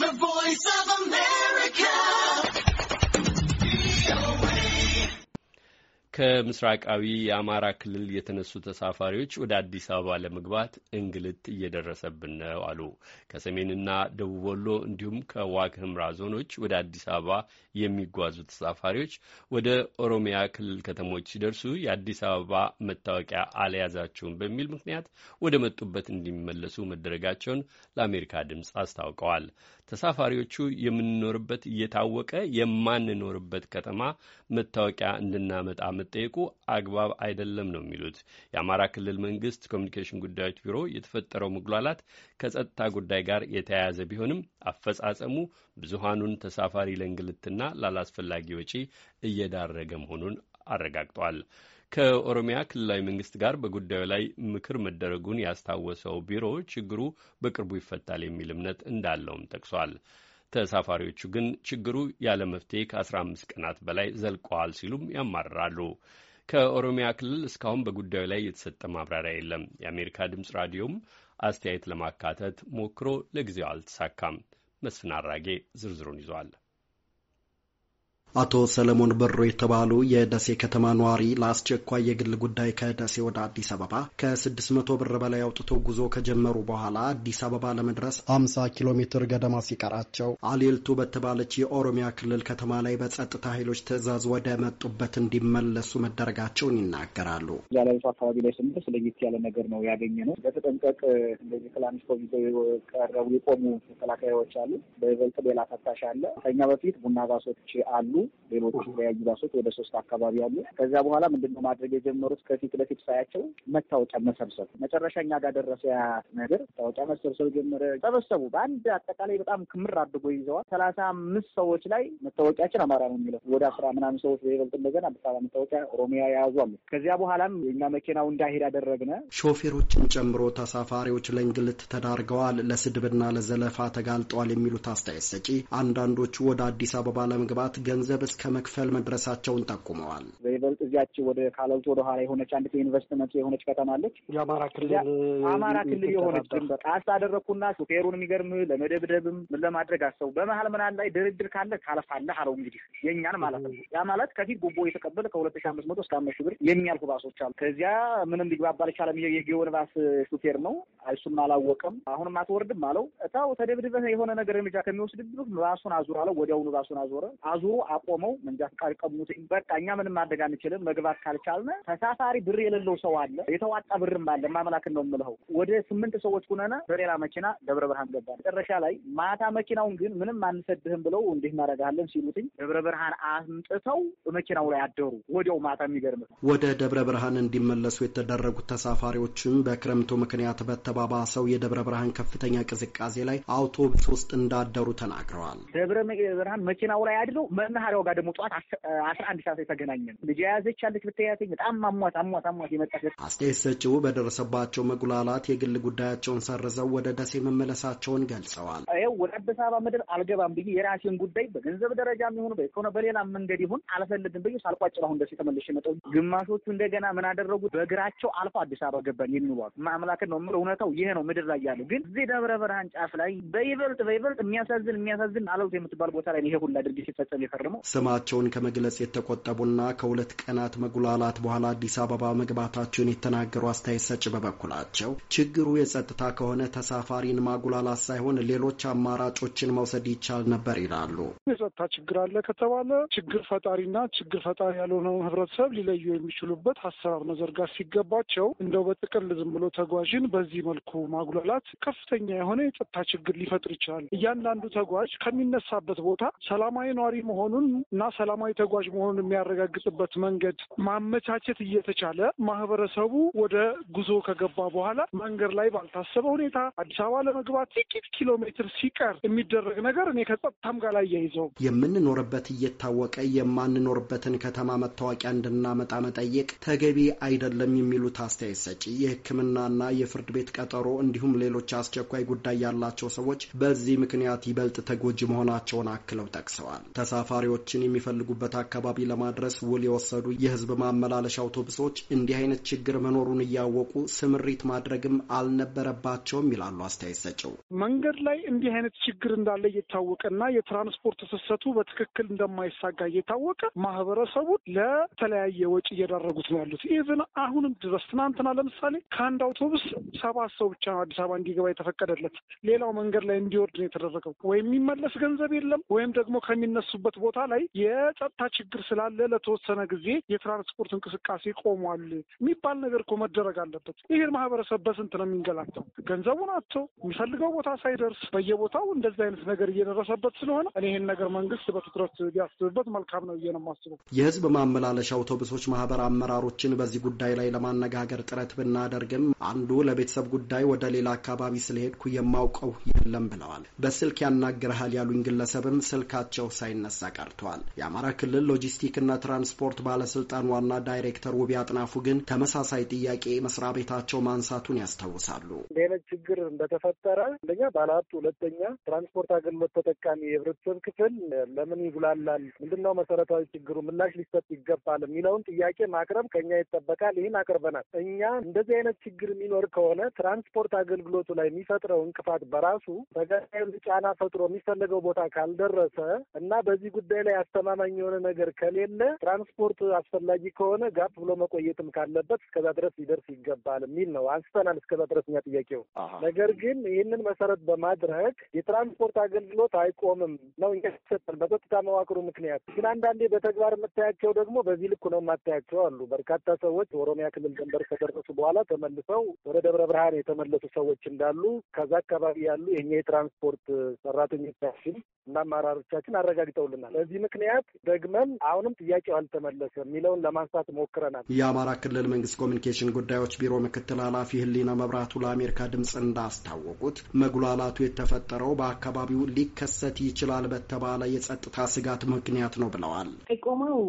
The Voice of America. ከምስራቃዊ የአማራ ክልል የተነሱ ተሳፋሪዎች ወደ አዲስ አበባ ለመግባት እንግልት እየደረሰብን ነው አሉ። ከሰሜንና ደቡብ ወሎ እንዲሁም ከዋግ ህምራ ዞኖች ወደ አዲስ አበባ የሚጓዙ ተሳፋሪዎች ወደ ኦሮሚያ ክልል ከተሞች ሲደርሱ የአዲስ አበባ መታወቂያ አልያዛቸውም በሚል ምክንያት ወደ መጡበት እንዲመለሱ መደረጋቸውን ለአሜሪካ ድምፅ አስታውቀዋል። ተሳፋሪዎቹ የምንኖርበት እየታወቀ የማንኖርበት ከተማ መታወቂያ እንድናመጣ መጠየቁ አግባብ አይደለም ነው የሚሉት። የአማራ ክልል መንግስት ኮሚኒኬሽን ጉዳዮች ቢሮ የተፈጠረው መጉላላት ከጸጥታ ጉዳይ ጋር የተያያዘ ቢሆንም አፈጻጸሙ ብዙሃኑን ተሳፋሪ ለእንግልትና ላላስፈላጊ ወጪ እየዳረገ መሆኑን አረጋግጧል። ከኦሮሚያ ክልላዊ መንግስት ጋር በጉዳዩ ላይ ምክር መደረጉን ያስታወሰው ቢሮ ችግሩ በቅርቡ ይፈታል የሚል እምነት እንዳለውም ጠቅሷል። ተሳፋሪዎቹ ግን ችግሩ ያለ መፍትሄ ከ15 ቀናት በላይ ዘልቀዋል ሲሉም ያማርራሉ። ከኦሮሚያ ክልል እስካሁን በጉዳዩ ላይ የተሰጠ ማብራሪያ የለም። የአሜሪካ ድምፅ ራዲዮም አስተያየት ለማካተት ሞክሮ ለጊዜው አልተሳካም። መስፍን አራጌ ዝርዝሩን ይዟል። አቶ ሰለሞን በሮ የተባሉ የደሴ ከተማ ነዋሪ ለአስቸኳይ የግል ጉዳይ ከደሴ ወደ አዲስ አበባ ከ600 ብር በላይ አውጥቶ ጉዞ ከጀመሩ በኋላ አዲስ አበባ ለመድረስ 50 ኪሎ ሜትር ገደማ ሲቀራቸው አሌልቱ በተባለች የኦሮሚያ ክልል ከተማ ላይ በጸጥታ ኃይሎች ትዕዛዝ ወደ መጡበት እንዲመለሱ መደረጋቸውን ይናገራሉ። እዛ አካባቢ ላይ ስንደርስ ለየት ያለ ነገር ነው ያገኘ ነው። በተጠንቀቅ እንደዚህ ትላንሽ ኮሚቶ ቀረቡ የቆሙ መከላከያዎች አሉ። በበልጥ ሌላ ፈታሽ አለ። ከኛ በፊት ቡና ባሶች አሉ ሌሎች የተለያዩ ባሶች ወደ ሶስት አካባቢ አሉ። ከዚያ በኋላ ምንድነው ማድረግ የጀመሩት ከፊት ለፊት ሳያቸው መታወቂያ መሰብሰብ። መጨረሻ እኛ ጋር ደረሰ ያ ነገር፣ መታወቂያ መሰብሰብ ጀመረ። ሰበሰቡ በአንድ አጠቃላይ በጣም ክምር አድርጎ ይዘዋል። ሰላሳ አምስት ሰዎች ላይ መታወቂያችን አማራ ነው የሚለው ወደ አስራ ምናምን ሰዎች በይበልጥ እንደገና አዲስ አበባ መታወቂያ ኦሮሚያ የያዙ አሉ። ከዚያ በኋላም የእኛ መኪናው እንዳሄድ አደረግነ። ሾፌሮችን ጨምሮ ተሳፋሪዎች ለእንግልት ተዳርገዋል፣ ለስድብና ለዘለፋ ተጋልጠዋል የሚሉት አስተያየት ሰጪ አንዳንዶቹ ወደ አዲስ አበባ ለመግባት ገንዘብ ገንዘብ እስከ መክፈል መድረሳቸውን ጠቁመዋል። በይበልጥ እዚያች ወደ ካለልቱ ወደ ኋላ የሆነች አንዲት ኢንቨስትመንት የሆነች ከተማ አለች። የአማራ ክልል አማራ ክልል የሆነች ድንበር በቃ አደረግኩና ሹፌሩን የሚገርም ለመደብደብም ምን ለማድረግ አሰቡ። በመሀል ምናል ላይ ድርድር ካለ ካለፋለህ አለው። እንግዲህ የእኛን ማለት ነው። ያ ማለት ከፊት ጉቦ የተቀበለ ከሁለት ሺ አምስት መቶ እስከ አምስት ሺ ብር የሚያልፉ ባሶች አሉ። ከዚያ ምንም ሊግባባ አልቻለም። የጊዮን ባስ ሹፌር ነው እሱም አላወቅም። አሁንም አትወርድም አለው። እታው ተደብድበህ የሆነ ነገር እርምጃ ከሚወስድብህ ባሱን አዙር አለው። ወዲያውኑ ባሱን አዞረ። አዙሮ አቆመው፣ መንጃ ፈቃድ ቀሙትኝ። በቃ እኛ ምንም ማድረግ አንችልም። መግባት ካልቻልነ ተሳፋሪ ብር የሌለው ሰው አለ፣ የተዋጣ ብርም አለ። ማመላክን ነው የምልኸው። ወደ ስምንት ሰዎች ሁነነ በሌላ መኪና ደብረ ብርሃን ገባ። መጨረሻ ላይ ማታ መኪናውን ግን ምንም አንሰድህም ብለው እንዲህ እናደርጋለን ሲሉትኝ ደብረ ብርሃን አምጥተው መኪናው ላይ አደሩ። ወዲያው ማታ የሚገርም ወደ ደብረ ብርሃን እንዲመለሱ የተደረጉት ተሳፋሪዎችም በክረምቱ ምክንያት በተባባሰው የደብረ ብርሃን ከፍተኛ ቅዝቃዜ ላይ አውቶቡስ ውስጥ እንዳደሩ ተናግረዋል። ደብረ ብርሃን መኪናው ላይ አድረው መናሃ ከጣሪያው ጋር ደግሞ ጠዋት አስራ አንድ ሰዓት የተገናኘ ነው። ልጅ የያዘች ያለች ብትያዘኝ በጣም አሟት አሟት አሟት የመጣች አስተያየት ሰጪው በደረሰባቸው መጉላላት የግል ጉዳያቸውን ሰርዘው ወደ ደሴ መመለሳቸውን ገልጸዋል። ይኸው ወደ አዲስ አበባ ምድር አልገባም ብዬ የራሴን ጉዳይ በገንዘብ ደረጃ የሚሆኑ በሆነ በሌላ መንገድ ይሁን አልፈልግም ብዬ ሳልቋጭ አሁን ደሴ ተመልሼ መጠ ግማሾቹ እንደገና ምን አደረጉ በእግራቸው አልፎ አዲስ አበባ ገባን የሚሏሉ ማምላክን ነው የምለው። እውነታው ይሄ ነው ምድር ላይ ያሉ ግን እዚህ ደብረ ብርሃን ጫፍ ላይ በይበልጥ በይበልጥ የሚያሳዝን የሚያሳዝን አለውት የምትባል ቦታ ላይ ይሄ ሁላ ድርጊት ሲፈጸም የፈርሙ ስማቸውን ከመግለጽ የተቆጠቡና ከሁለት ቀናት መጉላላት በኋላ አዲስ አበባ መግባታቸውን የተናገሩ አስተያየት ሰጭ በበኩላቸው ችግሩ የጸጥታ ከሆነ ተሳፋሪን ማጉላላት ሳይሆን ሌሎች አማራጮችን መውሰድ ይቻል ነበር ይላሉ። የጸጥታ ችግር አለ ከተባለ ችግር ፈጣሪና ችግር ፈጣሪ ያልሆነውን ህብረተሰብ ሊለዩ የሚችሉበት ሀሳብ መዘርጋት ሲገባቸው እንደው በጥቅል ዝም ብሎ ተጓዥን በዚህ መልኩ ማጉላላት ከፍተኛ የሆነ የጸጥታ ችግር ሊፈጥር ይችላል። እያንዳንዱ ተጓዥ ከሚነሳበት ቦታ ሰላማዊ ነዋሪ መሆኑን እና ሰላማዊ ተጓዥ መሆኑን የሚያረጋግጥበት መንገድ ማመቻቸት እየተቻለ ማህበረሰቡ ወደ ጉዞ ከገባ በኋላ መንገድ ላይ ባልታሰበ ሁኔታ አዲስ አበባ ለመግባት ጥቂት ኪሎ ሜትር ሲቀር የሚደረግ ነገር እኔ ከጸጥታም ጋር ላይ ያይዘው የምንኖርበት እየታወቀ የማንኖርበትን ከተማ መታወቂያ እንድናመጣ መጠየቅ ተገቢ አይደለም የሚሉት አስተያየት ሰጪ የሕክምናና የፍርድ ቤት ቀጠሮ እንዲሁም ሌሎች አስቸኳይ ጉዳይ ያላቸው ሰዎች በዚህ ምክንያት ይበልጥ ተጎጂ መሆናቸውን አክለው ጠቅሰዋል። ተሳፋሪዎች ነዋሪዎችን የሚፈልጉበት አካባቢ ለማድረስ ውል የወሰዱ የህዝብ ማመላለሻ አውቶቡሶች እንዲህ አይነት ችግር መኖሩን እያወቁ ስምሪት ማድረግም አልነበረባቸውም ይላሉ አስተያየት ሰጭው። መንገድ ላይ እንዲህ አይነት ችግር እንዳለ እየታወቀና የትራንስፖርት ፍሰቱ በትክክል እንደማይሳጋ እየታወቀ ማህበረሰቡ ለተለያየ ወጪ እየዳረጉት ነው ያሉት። ኢቭን አሁንም ድረስ ትናንትና ለምሳሌ ከአንድ አውቶቡስ ሰባት ሰው ብቻ ነው አዲስ አበባ እንዲገባ የተፈቀደለት። ሌላው መንገድ ላይ እንዲወርድ ነው የተደረገው። ወይም የሚመለስ ገንዘብ የለም ወይም ደግሞ ከሚነሱበት ቦታ ላይ የጸጥታ ችግር ስላለ ለተወሰነ ጊዜ የትራንስፖርት እንቅስቃሴ ቆሟል የሚባል ነገር እኮ መደረግ አለበት። ይህን ማህበረሰብ በስንት ነው የሚንገላተው? ገንዘቡን አቶ የሚፈልገው ቦታ ሳይደርስ በየቦታው እንደዚህ አይነት ነገር እየደረሰበት ስለሆነ እኔ ይህን ነገር መንግስት በትኩረት ቢያስብበት መልካም ነው ብዬ ነው የማስበው። የህዝብ ማመላለሻ አውቶቡሶች ማህበር አመራሮችን በዚህ ጉዳይ ላይ ለማነጋገር ጥረት ብናደርግም አንዱ ለቤተሰብ ጉዳይ ወደ ሌላ አካባቢ ስለሄድኩ የማውቀው የለም ብለዋል። በስልክ ያናግረሃል ያሉኝ ግለሰብም ስልካቸው ሳይነሳ አሰናድተዋል። የአማራ ክልል ሎጂስቲክና ትራንስፖርት ባለስልጣን ዋና ዳይሬክተር ውቢ አጥናፉ ግን ተመሳሳይ ጥያቄ መስሪያ ቤታቸው ማንሳቱን ያስታውሳሉ። ሌሎች ችግር እንደተፈጠረ አንደኛ ባለሀብት፣ ሁለተኛ ትራንስፖርት አገልግሎት ተጠቃሚ የህብረተሰብ ክፍል ለምን ይጉላላል? ምንድነው መሰረታዊ ችግሩ? ምላሽ ሊሰጥ ይገባል የሚለውን ጥያቄ ማቅረብ ከኛ ይጠበቃል። ይህን አቅርበናል። እኛ እንደዚህ አይነት ችግር የሚኖር ከሆነ ትራንስፖርት አገልግሎቱ ላይ የሚፈጥረው እንቅፋት በራሱ ተገዳዩ ጫና ፈጥሮ የሚፈለገው ቦታ ካልደረሰ እና በዚህ ጉዳይ ላይ አስተማማኝ የሆነ ነገር ከሌለ ትራንስፖርት አስፈላጊ ከሆነ ጋፕ ብሎ መቆየትም ካለበት እስከዛ ድረስ ሊደርስ ይገባል የሚል ነው። አንስተናል። እስከዛ ድረስ እኛ ጥያቄው። ነገር ግን ይህንን መሰረት በማድረግ የትራንስፖርት አገልግሎት አይቆምም ነው እኛ ይሰጠን በጸጥታ መዋቅሩ ምክንያት። ግን አንዳንዴ በተግባር የምታያቸው ደግሞ በዚህ ልኩ ነው የማታያቸው አሉ። በርካታ ሰዎች ኦሮሚያ ክልል ድንበር ከደረሱ በኋላ ተመልሰው ወደ ደብረ ብርሃን የተመለሱ ሰዎች እንዳሉ ከዛ አካባቢ ያሉ የኛ የትራንስፖርት ሰራተኞቻችን እና አመራሮቻችን አረጋግጠውልናል። በዚህ ምክንያት ደግመን አሁንም ጥያቄው አልተመለሰ የሚለውን ለማንሳት ሞክረናል። የአማራ ክልል መንግስት ኮሚኒኬሽን ጉዳዮች ቢሮ ምክትል ኃላፊ ህሊና መብራቱ ለአሜሪካ ድምፅ እንዳስታወቁት መጉላላቱ የተፈጠረው በአካባቢው ሊከሰት ይችላል በተባለ የጸጥታ ስጋት ምክንያት ነው ብለዋል። ጥቆማው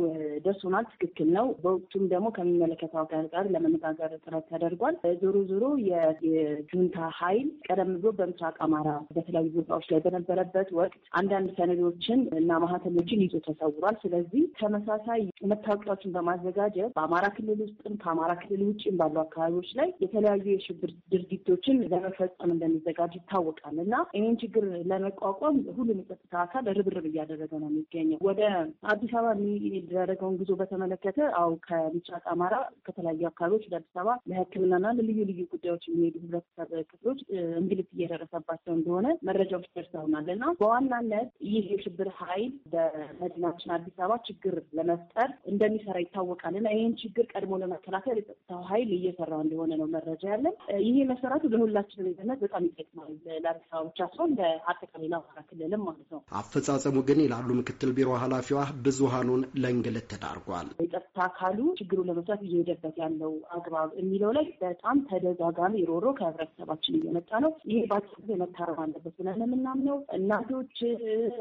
ደርሶናል፣ ትክክል ነው። በወቅቱም ደግሞ ከሚመለከተው አካል ጋር ለመነጋገር ጥረት ተደርጓል። ዞሮ ዞሮ የጁንታ ኃይል ቀደም ብሎ በምስራቅ አማራ በተለያዩ ቦታዎች ላይ በነበረበት ወቅት አንዳንድ ሰነዶችን እና ማህተሞች ሌሎችን ይዞ ተሰውሯል። ስለዚህ ተመሳሳይ መታወቂያዎችን በማዘጋጀት በአማራ ክልል ውስጥም ከአማራ ክልል ውጭም ባሉ አካባቢዎች ላይ የተለያዩ የሽብር ድርጊቶችን ለመፈጸም እንደሚዘጋጅ ይታወቃል እና ይህን ችግር ለመቋቋም ሁሉም የጸጥታ አካል ርብርብ እያደረገ ነው የሚገኘው። ወደ አዲስ አበባ የሚደረገውን ጉዞ በተመለከተ አው ከምስራቅ አማራ ከተለያዩ አካባቢዎች ወደ አዲስ አበባ ለሕክምናና ለልዩ ልዩ ጉዳዮች የሚሄዱ ህብረተሰብ ክፍሎች እንግልት እየደረሰባቸው እንደሆነ መረጃዎች ደርሰውናል እና በዋናነት ይህ የሽብር ኃይል መዲናችን አዲስ አበባ ችግር ለመፍጠር እንደሚሰራ ይታወቃል እና ይህን ችግር ቀድሞ ለመከላከል የጸጥታው ኃይል እየሰራ እንደሆነ ነው መረጃ ያለን። ይሄ መሰራቱ ለሁላችን ደህንነት በጣም ይጠቅማል። ለአዲስ አበባ ብቻ ሲሆን ለአጠቃላይ ለአማራ ክልልም ማለት ነው። አፈጻጸሙ ግን ይላሉ ምክትል ቢሮ ኃላፊዋ ብዙሀኑን ለእንግልት ተዳርጓል። የጸጥታ አካሉ ችግሩን ለመፍታት እየሄደበት ያለው አግባብ የሚለው ላይ በጣም ተደጋጋሚ ሮሮ ከህብረተሰባችን እየመጣ ነው። ይሄ በአጭር ጊዜ መታረም አለበት ብለን የምናምነው እናቶች፣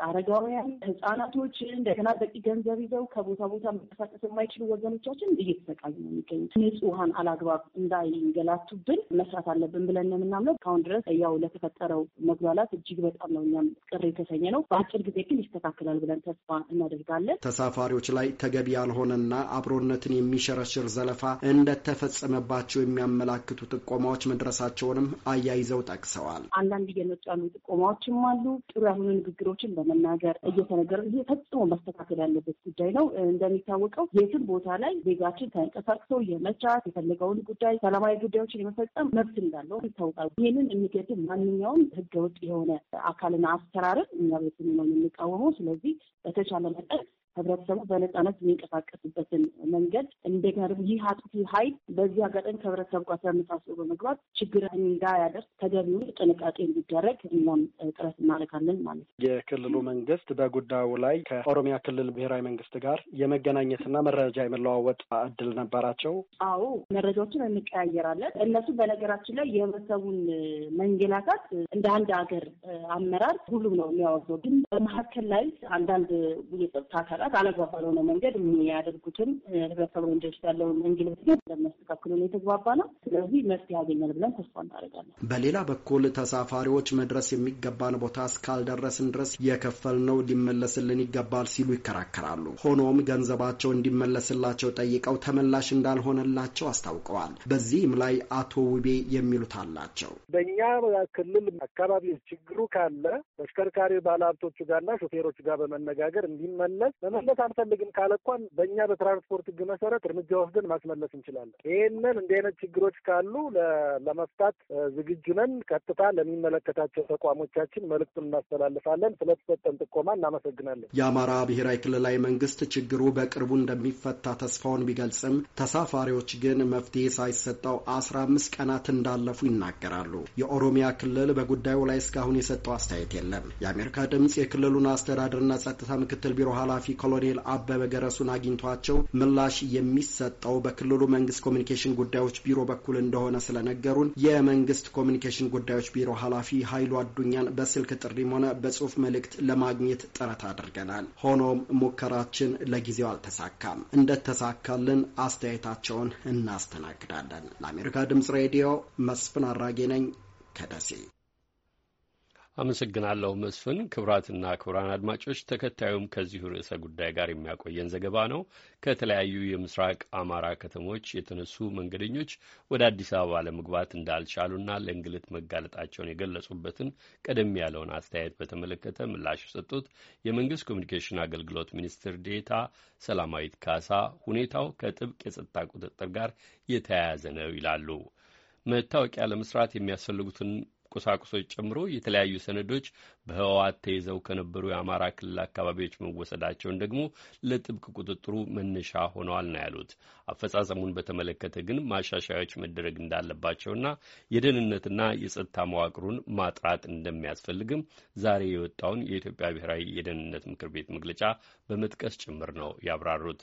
አረጋውያን፣ ህጻናቶች ወገኖች እንደገና በቂ ገንዘብ ይዘው ከቦታ ቦታ መንቀሳቀስ የማይችሉ ወገኖቻችን እየተሰቃዩ ነው የሚገኙት። ንጹህ ውሃን አላግባብ እንዳይንገላቱብን መስራት አለብን ብለን ነው የምናምነው። ካሁን ድረስ ያው ለተፈጠረው መጉላላት እጅግ በጣም ነው እኛም ቅር የተሰኘ ነው። በአጭር ጊዜ ግን ይስተካከላል ብለን ተስፋ እናደርጋለን። ተሳፋሪዎች ላይ ተገቢ ያልሆነና አብሮነትን የሚሸረሽር ዘለፋ እንደተፈጸመባቸው የሚያመላክቱ ጥቆማዎች መድረሳቸውንም አያይዘው ጠቅሰዋል። አንዳንድ እየመጡ ያሉ ጥቆማዎችም አሉ። ጥሩ ያልሆኑ ንግግሮችን በመናገር እየተነገረ ፈጽሞ መስተካከል ያለበት ጉዳይ ነው። እንደሚታወቀው የትም ቦታ ላይ ዜጋችን ተንቀሳቅሶ የመስራት የፈለገውን ጉዳይ ሰላማዊ ጉዳዮችን የመፈጸም መብት እንዳለው ይታወቃል። ይህንን የሚገድም ማንኛውም ህገወጥ የሆነ አካልና አሰራርን እኛ ቤት ነው የምንቃወመው። ስለዚህ በተቻለ መጠን ህብረተሰቡ በነፃነት የሚንቀሳቀስበትን መንገድ እንደገና ይህ አጥፊ ኃይል በዚህ አጋጣሚ ከህብረተሰቡ ጋር ተመሳስሎ በመግባት ችግር እንዳያደርስ ተገቢውን ጥንቃቄ እንዲደረግ እኛም ጥረት እናደርጋለን ማለት ነው። የክልሉ መንግስት በጉዳዩ ላይ ከኦሮሚያ ክልል ብሔራዊ መንግስት ጋር የመገናኘትና መረጃ የመለዋወጥ እድል ነበራቸው? አዎ መረጃዎችን እንቀያየራለን። እነሱ በነገራችን ላይ የህብረተሰቡን መንገላታት እንደ አንድ ሀገር አመራር ሁሉም ነው የሚያወግዘው። ግን በመካከል ላይ አንዳንድ የጸጥታ አካላት ጣልቃ ገብ ባልሆነ መንገድ የሚያደርጉትን ህብረተሰቡ ወንጀሎች ያለውን እንግልት ለሚያስተካክሉ ነው የተግባባ ነው። ስለዚህ መፍትሄ ያገኛል ብለን ተስፋ እናደርጋለን። በሌላ በኩል ተሳፋሪዎች መድረስ የሚገባን ቦታ እስካልደረስን ድረስ የከፈልነው ሊመለስልን ይገባል ሲሉ ይከራከራሉ። ሆኖም ገንዘባቸው እንዲመለስላቸው ጠይቀው ተመላሽ እንዳልሆነላቸው አስታውቀዋል። በዚህም ላይ አቶ ውቤ የሚሉት አላቸው። በእኛ ክልል አካባቢ ችግሩ ካለ ተሽከርካሪ ባለሀብቶቹ ጋርና ሾፌሮቹ ጋር በመነጋገር እንዲመለስ መመለስ አንፈልግም ካለ እንኳን በእኛ በትራንስፖርት ህግ መሰረት እርምጃ ወስደን ማስመለስ እንችላለን። ይህንን እንዲህ አይነት ችግሮች ካሉ ለመፍታት ዝግጁ ነን። ቀጥታ ለሚመለከታቸው ተቋሞቻችን መልእክቱን እናስተላልፋለን። ስለተሰጠን ጥቆማ እናመሰግናለን። የአማራ ብሔራዊ ክልላዊ መንግስት ችግሩ በቅርቡ እንደሚፈታ ተስፋውን ቢገልጽም ተሳፋሪዎች ግን መፍትሄ ሳይሰጠው አስራ አምስት ቀናት እንዳለፉ ይናገራሉ። የኦሮሚያ ክልል በጉዳዩ ላይ እስካሁን የሰጠው አስተያየት የለም። የአሜሪካ ድምጽ የክልሉን አስተዳደርና ጸጥታ ምክትል ቢሮ ኃላፊ ኮሎኔል አበበ ገረሱን አግኝቷቸው ምላሽ የሚሰጠው በክልሉ መንግስት ኮሚኒኬሽን ጉዳዮች ቢሮ በኩል እንደሆነ ስለነገሩን የመንግስት ኮሚኒኬሽን ጉዳዮች ቢሮ ኃላፊ ኃይሉ አዱኛን በስልክ ጥሪም ሆነ በጽሁፍ መልእክት ለማግኘት ጥረት አድርገናል። ሆኖም ሙከራችን ለጊዜው አልተሳካም። እንደተሳካልን አስተያየታቸውን እናስተናግዳለን። ለአሜሪካ ድምጽ ሬዲዮ መስፍን አራጌ ነኝ ከደሴ አመሰግናለሁ መስፍን። ክቡራትና ክቡራን አድማጮች ተከታዩም ከዚሁ ርዕሰ ጉዳይ ጋር የሚያቆየን ዘገባ ነው። ከተለያዩ የምስራቅ አማራ ከተሞች የተነሱ መንገደኞች ወደ አዲስ አበባ ለመግባት እንዳልቻሉና ለእንግልት መጋለጣቸውን የገለጹበትን ቀደም ያለውን አስተያየት በተመለከተ ምላሽ የሰጡት የመንግስት ኮሚኒኬሽን አገልግሎት ሚኒስትር ዴታ ሰላማዊት ካሳ ሁኔታው ከጥብቅ የጸጥታ ቁጥጥር ጋር የተያያዘ ነው ይላሉ። መታወቂያ ለመስራት የሚያስፈልጉትን ቁሳቁሶች ጨምሮ የተለያዩ ሰነዶች በህወሓት ተይዘው ከነበሩ የአማራ ክልል አካባቢዎች መወሰዳቸውን ደግሞ ለጥብቅ ቁጥጥሩ መነሻ ሆነዋል ነው ያሉት። አፈጻጸሙን በተመለከተ ግን ማሻሻያዎች መደረግ እንዳለባቸውና የደህንነትና የጸጥታ መዋቅሩን ማጥራት እንደሚያስፈልግም ዛሬ የወጣውን የኢትዮጵያ ብሔራዊ የደህንነት ምክር ቤት መግለጫ በመጥቀስ ጭምር ነው ያብራሩት።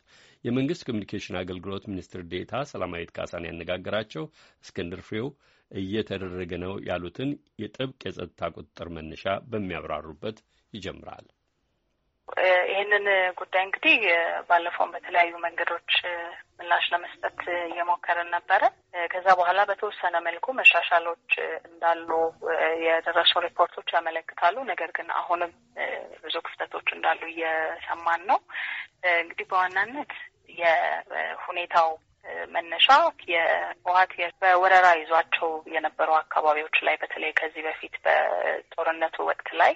የመንግስት ኮሚኒኬሽን አገልግሎት ሚኒስትር ዴታ ሰላማዊት ካሳን ያነጋገራቸው እስክንድር ፍሬው እየተደረገ ነው ያሉትን የጥብቅ የጸጥታ ቁጥጥር መነሻ በሚያብራሩበት ይጀምራል። ይህንን ጉዳይ እንግዲህ ባለፈውም በተለያዩ መንገዶች ምላሽ ለመስጠት እየሞከርን ነበረ። ከዛ በኋላ በተወሰነ መልኩ መሻሻሎች እንዳሉ የደረሱ ሪፖርቶች ያመለክታሉ። ነገር ግን አሁንም ብዙ ክፍተቶች እንዳሉ እየሰማን ነው። እንግዲህ በዋናነት የሁኔታው መነሻ የህወሀት በወረራ ይዟቸው የነበሩ አካባቢዎች ላይ በተለይ ከዚህ በፊት በጦርነቱ ወቅት ላይ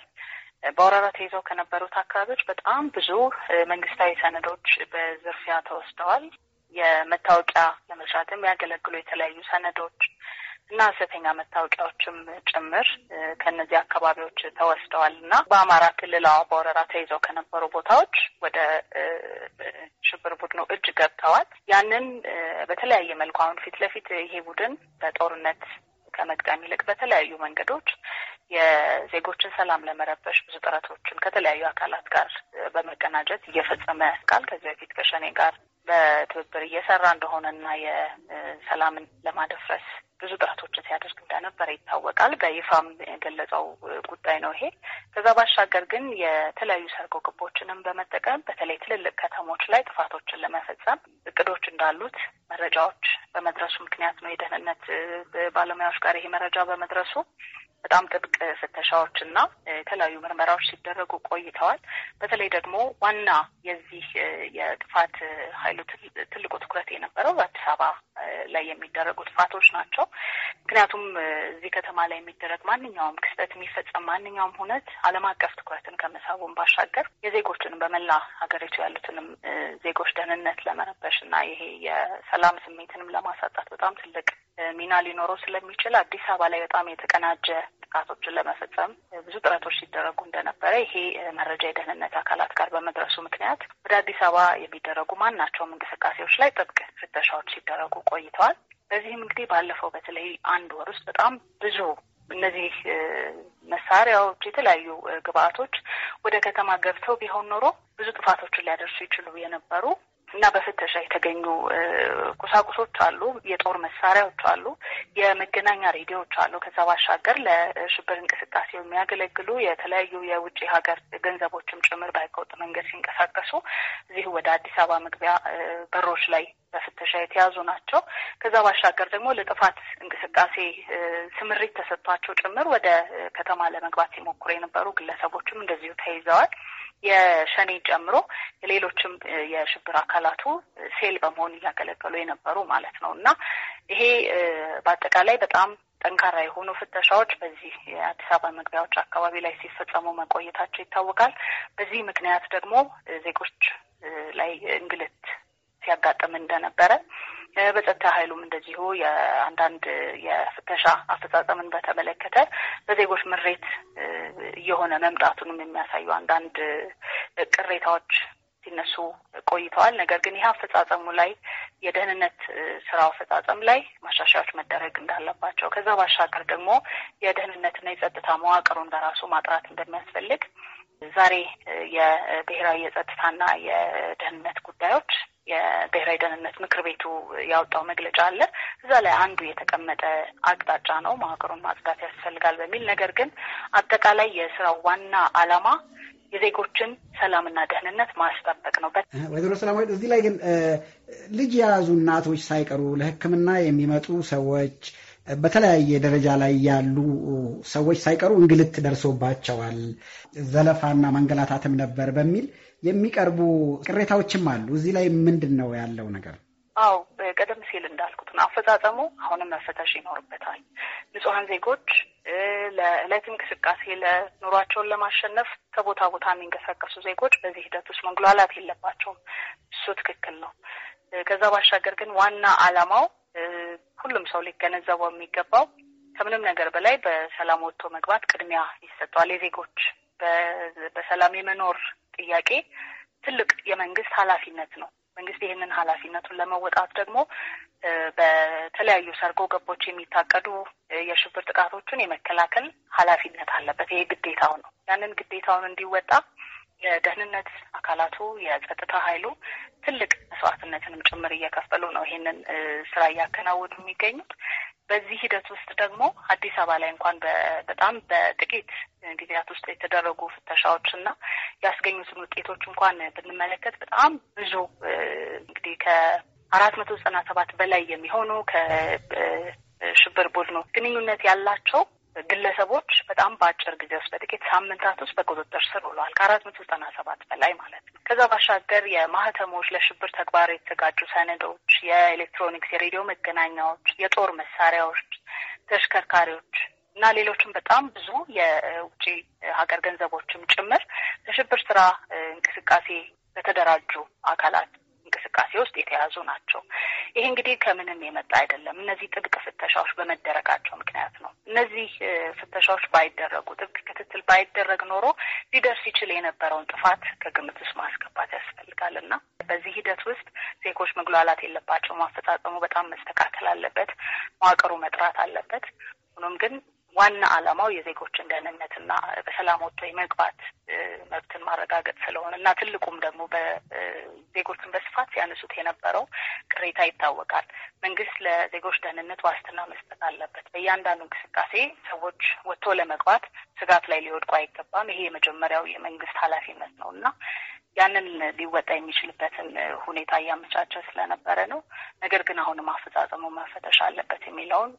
በወረራ ተይዘው ከነበሩት አካባቢዎች በጣም ብዙ መንግስታዊ ሰነዶች በዝርፊያ ተወስደዋል። የመታወቂያ ለመስራትም ያገለግሉ የተለያዩ ሰነዶች እና ሐሰተኛ መታወቂያዎችም ጭምር ከእነዚህ አካባቢዎች ተወስደዋል እና በአማራ ክልል በወረራ ተይዘው ከነበሩ ቦታዎች ያንን በተለያየ መልኩ አሁን ፊት ለፊት ይሄ ቡድን በጦርነት ከመግጠም ይልቅ በተለያዩ መንገዶች የዜጎችን ሰላም ለመረበሽ ብዙ ጥረቶችን ከተለያዩ አካላት ጋር በመቀናጀት እየፈጸመ ቃል ከዚህ በፊት ከሸኔ ጋር በትብብር እየሰራ እንደሆነ እና የሰላምን ለማደፍረስ ብዙ ጥረቶችን ሲያደርግ እንደነበረ ይታወቃል። በይፋም የገለጸው ጉዳይ ነው ይሄ። ከዛ ባሻገር ግን የተለያዩ ሰርጎ ግቦችንም በመጠቀም በተለይ ትልልቅ ከተሞች ላይ ጥፋቶችን ለመፈጸም እቅዶች እንዳሉት መረጃዎች በመድረሱ ምክንያት ነው የደህንነት ባለሙያዎች ጋር ይሄ መረጃ በመድረሱ በጣም ጥብቅ ፍተሻዎች እና የተለያዩ ምርመራዎች ሲደረጉ ቆይተዋል። በተለይ ደግሞ ዋና የዚህ የጥፋት ኃይሉ ትልቁ ትኩረት የነበረው በአዲስ አበባ ላይ የሚደረጉ ጥፋቶች ናቸው። ምክንያቱም እዚህ ከተማ ላይ የሚደረግ ማንኛውም ክስተት፣ የሚፈጸም ማንኛውም ሁነት ዓለም አቀፍ ትኩረትን ከመሳቡን ባሻገር የዜጎችን በመላ ሀገሪቱ ያሉትንም ዜጎች ደህንነት ለመረበሽ እና ይሄ የሰላም ስሜትንም ለማሳጣት በጣም ትልቅ ሚና ሊኖረው ስለሚችል አዲስ አበባ ላይ በጣም የተቀናጀ ጥቃቶችን ለመፈጸም ብዙ ጥረቶች ሲደረጉ እንደነበረ ይሄ መረጃ የደህንነት አካላት ጋር በመድረሱ ምክንያት ወደ አዲስ አበባ የሚደረጉ ማናቸውም እንቅስቃሴዎች ላይ ጥብቅ ፍተሻዎች ሲደረጉ ቆይተዋል። በዚህም እንግዲህ ባለፈው በተለይ አንድ ወር ውስጥ በጣም ብዙ እነዚህ መሳሪያዎች፣ የተለያዩ ግብአቶች ወደ ከተማ ገብተው ቢሆን ኖሮ ብዙ ጥፋቶችን ሊያደርሱ ይችሉ የነበሩ እና በፍተሻ የተገኙ ቁሳቁሶች አሉ፣ የጦር መሳሪያዎች አሉ፣ የመገናኛ ሬዲዮዎች አሉ። ከዛ ባሻገር ለሽብር እንቅስቃሴ የሚያገለግሉ የተለያዩ የውጭ ሀገር ገንዘቦችም ጭምር በህገወጥ መንገድ ሲንቀሳቀሱ እዚሁ ወደ አዲስ አበባ መግቢያ በሮች ላይ በፍተሻ የተያዙ ናቸው። ከዛ ባሻገር ደግሞ ለጥፋት እንቅስቃሴ ስምሪት ተሰጥቷቸው ጭምር ወደ ከተማ ለመግባት ሲሞክሩ የነበሩ ግለሰቦችም እንደዚሁ ተይዘዋል። የሸኔን ጨምሮ ሌሎችም የሽብር አካላቱ ሴል በመሆን እያገለገሉ የነበሩ ማለት ነው እና ይሄ በአጠቃላይ በጣም ጠንካራ የሆኑ ፍተሻዎች በዚህ የአዲስ አበባ መግቢያዎች አካባቢ ላይ ሲፈጸሙ መቆየታቸው ይታወቃል። በዚህ ምክንያት ደግሞ ዜጎች ላይ እንግልት ሲያጋጥም እንደነበረ በጸጥታ ኃይሉም እንደዚሁ የአንዳንድ የፍተሻ አፈጻጸምን በተመለከተ በዜጎች ምሬት እየሆነ መምጣቱንም የሚያሳዩ አንዳንድ ቅሬታዎች ሲነሱ ቆይተዋል። ነገር ግን ይህ አፈጻጸሙ ላይ የደህንነት ስራው አፈጻጸም ላይ ማሻሻያዎች መደረግ እንዳለባቸው ከዛ ባሻገር ደግሞ የደህንነትና የጸጥታ መዋቅሩን በራሱ ማጥራት እንደሚያስፈልግ ዛሬ የብሔራዊ የጸጥታና የደህንነት ጉዳዮች የብሔራዊ ደህንነት ምክር ቤቱ ያወጣው መግለጫ አለ። እዛ ላይ አንዱ የተቀመጠ አቅጣጫ ነው ማህበሩን ማጽዳት ያስፈልጋል በሚል ነገር ግን አጠቃላይ የስራው ዋና አላማ የዜጎችን ሰላምና ደህንነት ማስጠበቅ ነው። ወይዘሮ ሰላማዊት፣ እዚህ ላይ ግን ልጅ የያዙ እናቶች ሳይቀሩ ለሕክምና የሚመጡ ሰዎች በተለያየ ደረጃ ላይ ያሉ ሰዎች ሳይቀሩ እንግልት ደርሶባቸዋል፣ ዘለፋና መንገላታትም ነበር በሚል የሚቀርቡ ቅሬታዎችም አሉ። እዚህ ላይ ምንድን ነው ያለው ነገር? አዎ ቀደም ሲል እንዳልኩት ነው። አፈጻጸሙ አሁንም መፈተሽ ይኖርበታል። ንጹሐን ዜጎች ለዕለት እንቅስቃሴ ለኑሯቸውን ለማሸነፍ ከቦታ ቦታ የሚንቀሳቀሱ ዜጎች በዚህ ሂደት ውስጥ መንግሏላት የለባቸውም። እሱ ትክክል ነው። ከዛ ባሻገር ግን ዋና ዓላማው ሁሉም ሰው ሊገነዘበው የሚገባው ከምንም ነገር በላይ በሰላም ወጥቶ መግባት ቅድሚያ ይሰጠዋል። የዜጎች በሰላም የመኖር ጥያቄ ትልቅ የመንግስት ኃላፊነት ነው። መንግስት ይህንን ኃላፊነቱን ለመወጣት ደግሞ በተለያዩ ሰርጎ ገቦች የሚታቀዱ የሽብር ጥቃቶችን የመከላከል ኃላፊነት አለበት። ይሄ ግዴታው ነው። ያንን ግዴታውን እንዲወጣ የደህንነት አካላቱ የጸጥታ ኃይሉ ትልቅ መስዋዕትነትንም ጭምር እየከፈሉ ነው ይሄንን ስራ እያከናወኑ የሚገኙት። በዚህ ሂደት ውስጥ ደግሞ አዲስ አበባ ላይ እንኳን በጣም በጥቂት ጊዜያት ውስጥ የተደረጉ ፍተሻዎች እና ያስገኙትን ውጤቶች እንኳን ብንመለከት በጣም ብዙ እንግዲህ ከአራት መቶ ዘጠና ሰባት በላይ የሚሆኑ ከሽብር ቡድኑ ግንኙነት ያላቸው ግለሰቦች በጣም በአጭር ጊዜ ውስጥ በጥቂት ሳምንታት ውስጥ በቁጥጥር ስር ውሏል። ከአራት መቶ ዘጠና ሰባት በላይ ማለት ነው። ከዛ ባሻገር የማህተሞች ለሽብር ተግባር የተዘጋጁ ሰነዶች፣ የኤሌክትሮኒክስ፣ የሬዲዮ መገናኛዎች፣ የጦር መሳሪያዎች፣ ተሽከርካሪዎች እና ሌሎችም በጣም ብዙ የውጭ ሀገር ገንዘቦችም ጭምር ለሽብር ስራ እንቅስቃሴ በተደራጁ አካላት እንቅስቃሴ ውስጥ የተያዙ ናቸው። ይሄ እንግዲህ ከምንም የመጣ አይደለም። እነዚህ ጥብቅ ፍተሻዎች በመደረጋቸው ምክንያት ነው። እነዚህ ፍተሻዎች ባይደረጉ፣ ጥብቅ ክትትል ባይደረግ ኖሮ ሊደርስ ይችል የነበረውን ጥፋት ከግምት ውስጥ ማስገባት ያስፈልጋል እና በዚህ ሂደት ውስጥ ዜጎች መጉላላት የለባቸው። ማፈጻጸሙ በጣም መስተካከል አለበት። መዋቅሩ መጥራት አለበት። ሆኖም ግን ዋና ዓላማው የዜጎችን ደህንነትና በሰላም ወጥቶ የመግባት መብትን ማረጋገጥ ስለሆነ እና ትልቁም ደግሞ በዜጎችን በስፋት ሲያነሱት የነበረው ቅሬታ ይታወቃል። መንግስት ለዜጎች ደህንነት ዋስትና መስጠት አለበት። በእያንዳንዱ እንቅስቃሴ ሰዎች ወጥቶ ለመግባት ስጋት ላይ ሊወድቁ አይገባም። ይሄ የመጀመሪያው የመንግስት ኃላፊነት ነው እና ያንን ሊወጣ የሚችልበትን ሁኔታ እያመቻቸ ስለነበረ ነው። ነገር ግን አሁንም አፈጻጸሙ መፈተሽ አለበት የሚለውን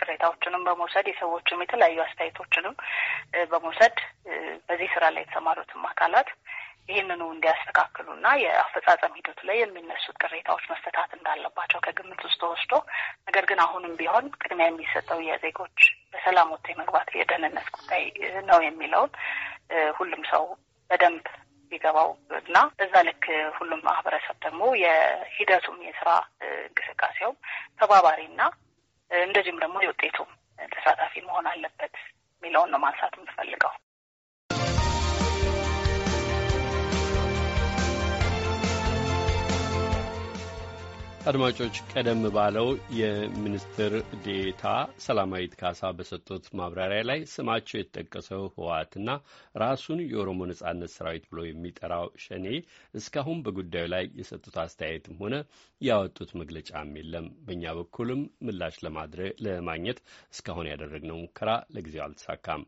ቅሬታዎችንም በመውሰድ የሰዎችም የተለያዩ አስተያየቶችንም በመውሰድ በዚህ ስራ ላይ የተሰማሩትም አካላት ይህንኑ እንዲያስተካክሉና የአፈጻጸም ሂደቱ ላይ የሚነሱት ቅሬታዎች መፈታት እንዳለባቸው ከግምት ውስጥ ተወስዶ ነገር ግን አሁንም ቢሆን ቅድሚያ የሚሰጠው የዜጎች በሰላም ወጥቶ የመግባት የደህንነት ጉዳይ ነው የሚለውን ሁሉም ሰው በደንብ ቢገባው እና እዛ ልክ ሁሉም ማህበረሰብ ደግሞ የሂደቱም የስራ ተባባሪ ተባባሪና እንደዚሁም ደግሞ የውጤቱም ተሳታፊ መሆን አለበት የሚለውን ነው ማንሳት የምፈልገው። አድማጮች ቀደም ባለው የሚኒስትር ዴታ ሰላማዊት ካሳ በሰጡት ማብራሪያ ላይ ስማቸው የተጠቀሰው ህወሓትና ራሱን የኦሮሞ ነጻነት ሰራዊት ብሎ የሚጠራው ሸኔ እስካሁን በጉዳዩ ላይ የሰጡት አስተያየትም ሆነ ያወጡት መግለጫም የለም። በእኛ በኩልም ምላሽ ለማግኘት እስካሁን ያደረግነው ሙከራ ለጊዜው አልተሳካም።